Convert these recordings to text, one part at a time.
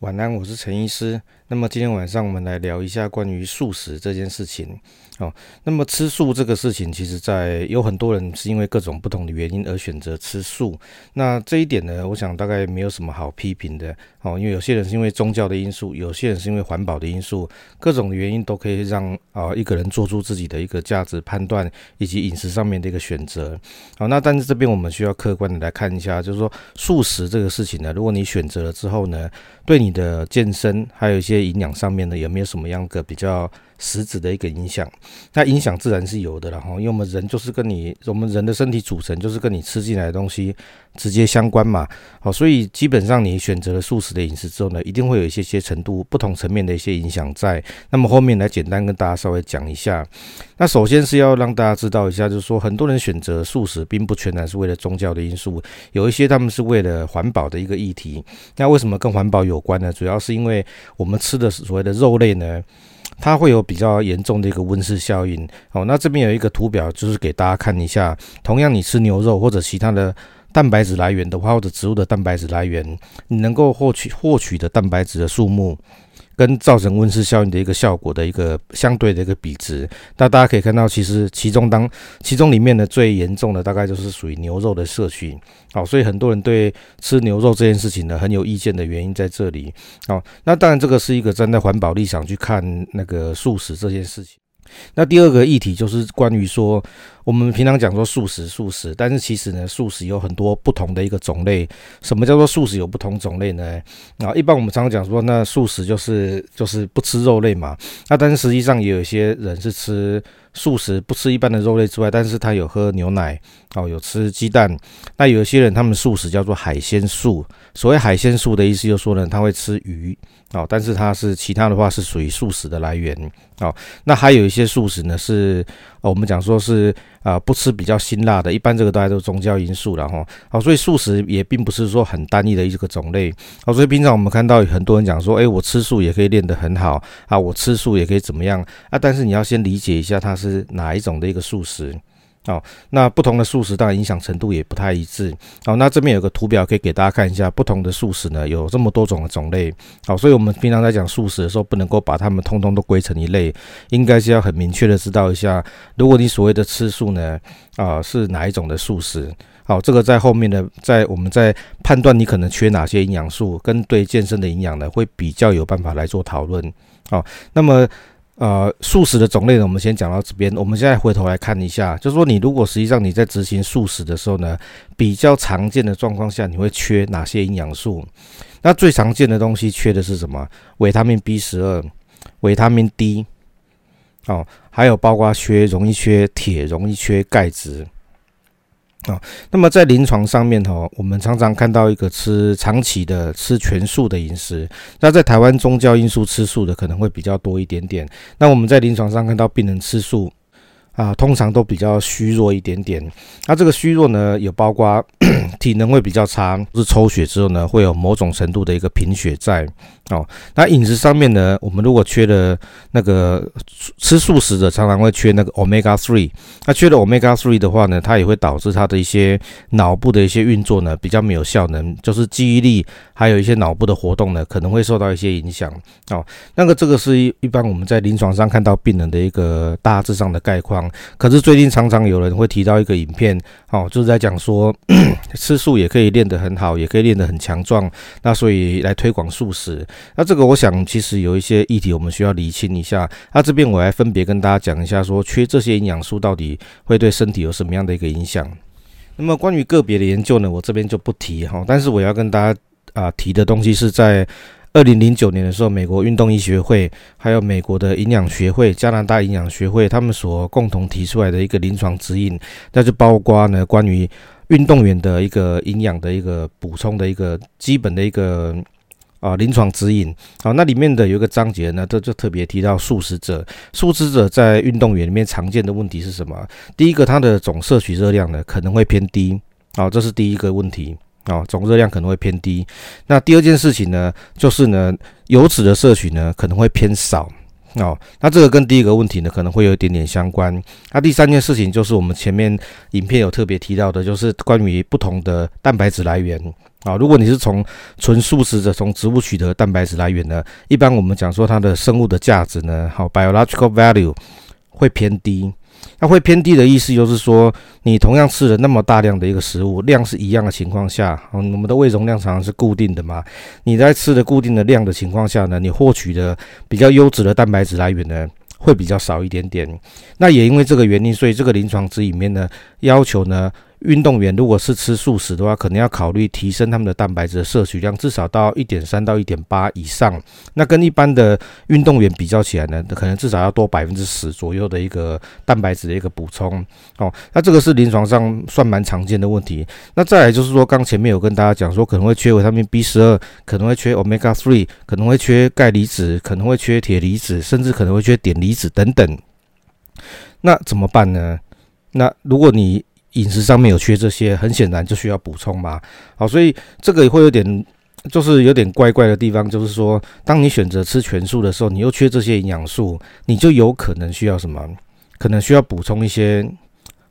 晚安，我是陳醫師。那麼今天晚上我們來聊一下關於素食這件事情。好，那麼吃素這個事情，其實，在有很多人是因為各種不同的原因而選擇吃素。那這一點呢，我想大概沒有什麼好批評的。哦，因為有些人是因為宗教的因素，有些人是因為環保的因素，各種的原因都可以讓啊一個人做出自己的一個價值判斷以及飲食上面的一個選擇。好，那但是這邊我們需要客觀的來看一下，就是說素食這個事情呢，如果你選擇了之後呢，對你你的健身還有一些營養上面呢，有沒有什麼樣的比較實質的一個影響？那影響自然是有的了哈，因為我們人就是跟你我們人的身體組成就是跟你吃進來的東西直接相關嘛。好，所以基本上你選擇了素食的飲食之後呢，一定會有一些些程度不同層面的一些影響在。那麼後面來簡單跟大家稍微講一下。那首先是要讓大家知道一下，就是說很多人選擇素食並不全然是為了宗教的因素，有一些他們是為了環保的一個議題。那為什麼跟環保有關？那主要是因為我們吃的所謂的肉類呢，它會有比較嚴重的一個溫室效應。好，那這邊有一個圖表，就是給大家看一下。同樣，你吃牛肉或者其他的蛋白質來源的話，或者植物的蛋白質來源，你能夠獲取獲取的蛋白質的數目。跟造成溫室效應的一個效果的一個相對的一個比值，那大家可以看到，其實其中當其中裡面呢最嚴重的大概就是屬於牛肉的攝取。好，所以很多人對吃牛肉這件事情呢很有意見的原因在這裡，好，那當然這個是一個站在環保立場去看那個素食這件事情。那第二個議題就是關於說。我們平常講說素食、素食，但是其實呢，素食有很多不同的一個種類。什麼叫做素食有不同種類呢？啊，一般我們常常講說，那素食就是就是不吃肉類嘛。那但是實際上也有一些人是吃素食，不吃一般的肉類之外，但是他有喝牛奶，哦，有吃雞蛋。那有一些人他們素食叫做海鮮素。所謂海鮮素的意思，就是說呢，他會吃魚，哦，但是他是其他的話是屬於素食的來源。哦，那還有一些素食呢是。哦、呃，我們講說是，啊、呃、不吃比較辛辣的，一般這個大家都是宗教因素了哈，好、啊，所以素食也並不是說很單一的一個種類，好、啊，所以平常我們看到很多人講說，哎、欸、我吃素也可以練得很好啊，我吃素也可以怎麼樣啊，但是你要先理解一下它是哪一種的一個素食。好，那不同的素食當然影響程度也不太一致。好，那這邊有個圖表可以給大家看一下，不同的素食呢，有這麼多種的種類。好，所以我們平常在講素食的時候，不能夠把它們通通都歸成一類，應該是要很明確的知道一下，如果你所謂的吃素呢，啊，是哪一種的素食？好，這個在後面呢，在我們在判斷你可能缺哪些營養素跟對健身的營養呢，會比較有辦法來做討論。好，那麼。呃，素食的種類呢，我們先講到這邊。我們現在回頭來看一下，就是說，你如果實際上你在執行素食的時候呢，比較常見的狀況下，你會缺哪些營養素？那最常見的東西缺的是什麼？維他命 B 十二、維他命 D，哦，還有包括缺容易缺鐵，容易缺鈣質。啊、哦，那麼在臨床上面吼，我們常常看到一個吃長期的吃全素的飲食，那在台灣宗教因素吃素的可能會比較多一點點。那我們在臨床上看到病人吃素。啊，通常都比較虛弱一點點。那、啊、這個虛弱呢，有包括 體能會比較差，是抽血之後呢，會有某種程度的一個貧血在哦。那飲食上面呢，我們如果缺了那個吃素食者常常會缺那個 Omega three，那缺了 Omega three 的話呢，它也會導致它的一些腦部的一些運作呢比較沒有效能，就是記憶力還有一些腦部的活動呢可能會受到一些影響哦。那個這個是一般我們在臨床上看到病人的一個大致上的概況。可是最近常常有人會提到一個影片，哦，就是在講說呵呵吃素也可以練得很好，也可以練得很強壯。那所以來推廣素食。那這個我想其實有一些議題我們需要釐清一下。那這邊我來分別跟大家講一下說，說缺這些營養素到底會對身體有什麼樣的一個影響。那麼關於個別的研究呢，我這邊就不提哈。但是我要跟大家啊提的東西是在。二零零九年的時候，美國運動醫學會、還有美國的營養學會、加拿大營養學會，他們所共同提出來的一個臨床指引，那就包括呢關於運動員的一個營養的一個補充的一個基本的一個啊臨床指引。好，那裡面的有一個章節呢，這就特別提到素食者，素食者在運動員裡面常見的問題是什麼？第一個，他的總攝取熱量呢可能會偏低，好，這是第一個問題。哦，總熱量可能會偏低。那第二件事情呢，就是呢，油脂的攝取呢可能會偏少。哦，那這個跟第一個問題呢可能會有一點點相關。那、啊、第三件事情就是我們前面影片有特別提到的，就是關於不同的蛋白質來源。啊、哦，如果你是從純素食者從植物取得蛋白質來源呢，一般我們講說它的生物的價值呢，好、哦、biological value 會偏低。那會偏低的意思，就是說，你同樣吃了那麼大量的一個食物，量是一樣的情況下，我們的胃容量常常是固定的嘛。你在吃的固定的量的情況下呢，你獲取的比較優質的蛋白質來源呢，會比較少一點點。那也因為這個原因，所以這個臨床值裡面呢，要求呢。運動員如果是吃素食的話，可能要考慮提升他們的蛋白質的攝取量，至少到一點三到一點八以上。那跟一般的運動員比較起來呢，可能至少要多百分之十左右的一個蛋白質的一個補充。哦，那這個是臨床上算蠻常見的問題。那再來就是說，剛前面有跟大家講說，可能會缺維他命 B 十二，可能會缺 Omega three，可能會缺鈣離子，可能會缺鐵離子，甚至可能會缺碘離子等等。那怎麼辦呢？那如果你飲食上面有缺這些，很顯然就需要補充嘛。好，所以這個也會有點，就是有點怪怪的地方，就是說，當你選擇吃全素的時候，你又缺這些營養素，你就有可能需要什麼？可能需要補充一些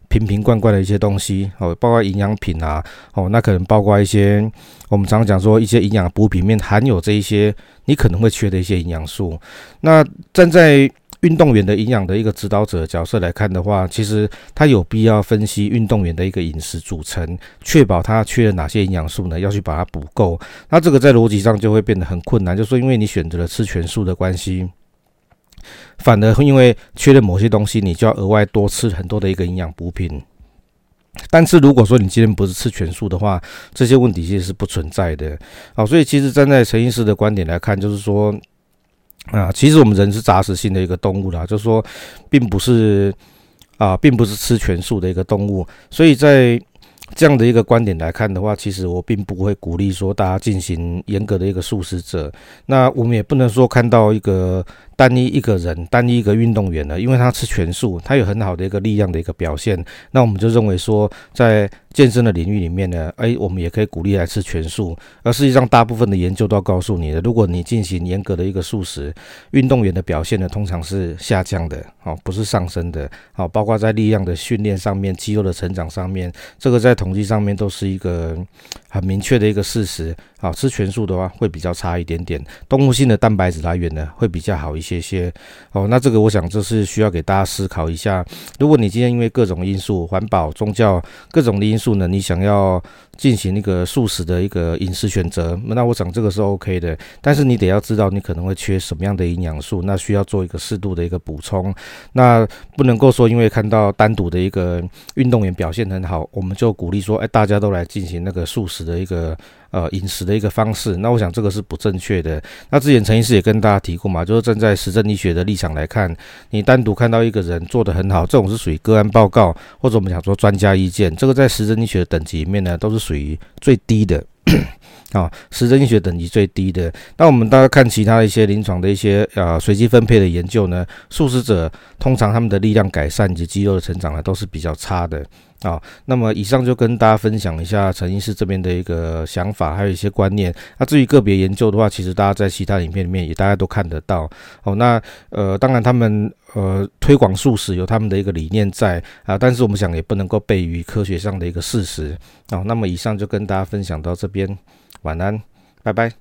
瓶瓶罐罐的一些東西，哦，包括營養品啊，哦，那可能包括一些我們常常講說一些營養補品，裡面含有這一些你可能會缺的一些營養素。那站在運動員的營養的一個指導者角色來看的話，其實他有必要分析運動員的一個飲食組成，確保他缺了哪些營養素呢？要去把它補夠。那這個在邏輯上就會變得很困難，就是說，因為你選擇了吃全素的關係，反而會因為缺了某些東西，你就要額外多吃很多的一個營養補品。但是如果說你今天不是吃全素的話，這些問題其實是不存在的。好，所以其實站在陳醫師的觀點來看，就是說。啊，其實我們人是雜食性的一個動物啦，就是說，並不是啊，並不是吃全素的一個動物，所以在這樣的一個觀點來看的話，其實我並不會鼓勵說大家進行嚴格的一個素食者，那我們也不能說看到一個。單一一個人，單一一個運動員呢，因為他吃全素，他有很好的一個力量的一個表現，那我們就認為說，在健身的領域裡面呢，哎，我們也可以鼓勵來吃全素。而實際上，大部分的研究都要告訴你的，如果你進行嚴格的一個素食，運動員的表現呢，通常是下降的，哦，不是上升的，哦，包括在力量的訓練上面，肌肉的成長上面，這個在統計上面都是一個很明確的一個事實。好，吃全素的話會比較差一點點，動物性的蛋白質來源呢會比較好一些。謝謝哦，那這個我想這是需要給大家思考一下。如果你今天因為各種因素，環保、宗教各種的因素呢，你想要進行一個素食的一個飲食選擇，那我想這個是 OK 的。但是你得要知道你可能會缺什麼樣的營養素，那需要做一個適度的一個補充。那不能夠說因為看到單獨的一個運動員表現很好，我們就鼓勵說，哎，大家都來進行那個素食的一個呃飲食的一個方式。那我想這個是不正確的。那之前陳醫師也跟大家提過嘛，就是正在。實證醫學的立場來看，你單獨看到一個人做得很好，這種是屬於個案報告，或者我們想說專家意見，這個在實證醫學等級裡面呢，都是屬於最低的。啊、 哦，實證醫學等級最低的。那我們大家看其他的一些臨床的一些啊、呃、隨機分配的研究呢，素食者通常他們的力量改善以及肌肉的成長呢，都是比較差的。啊、哦，那麼以上就跟大家分享一下陳醫師這邊的一個想法，還有一些觀念。那、啊、至於個別研究的話，其實大家在其他影片裡面也大家都看得到。哦，那呃，當然他們呃推廣素食有他們的一個理念在啊，但是我們想也不能夠悖於科學上的一個事實。哦，那麼以上就跟大家分享到這邊，晚安，拜拜。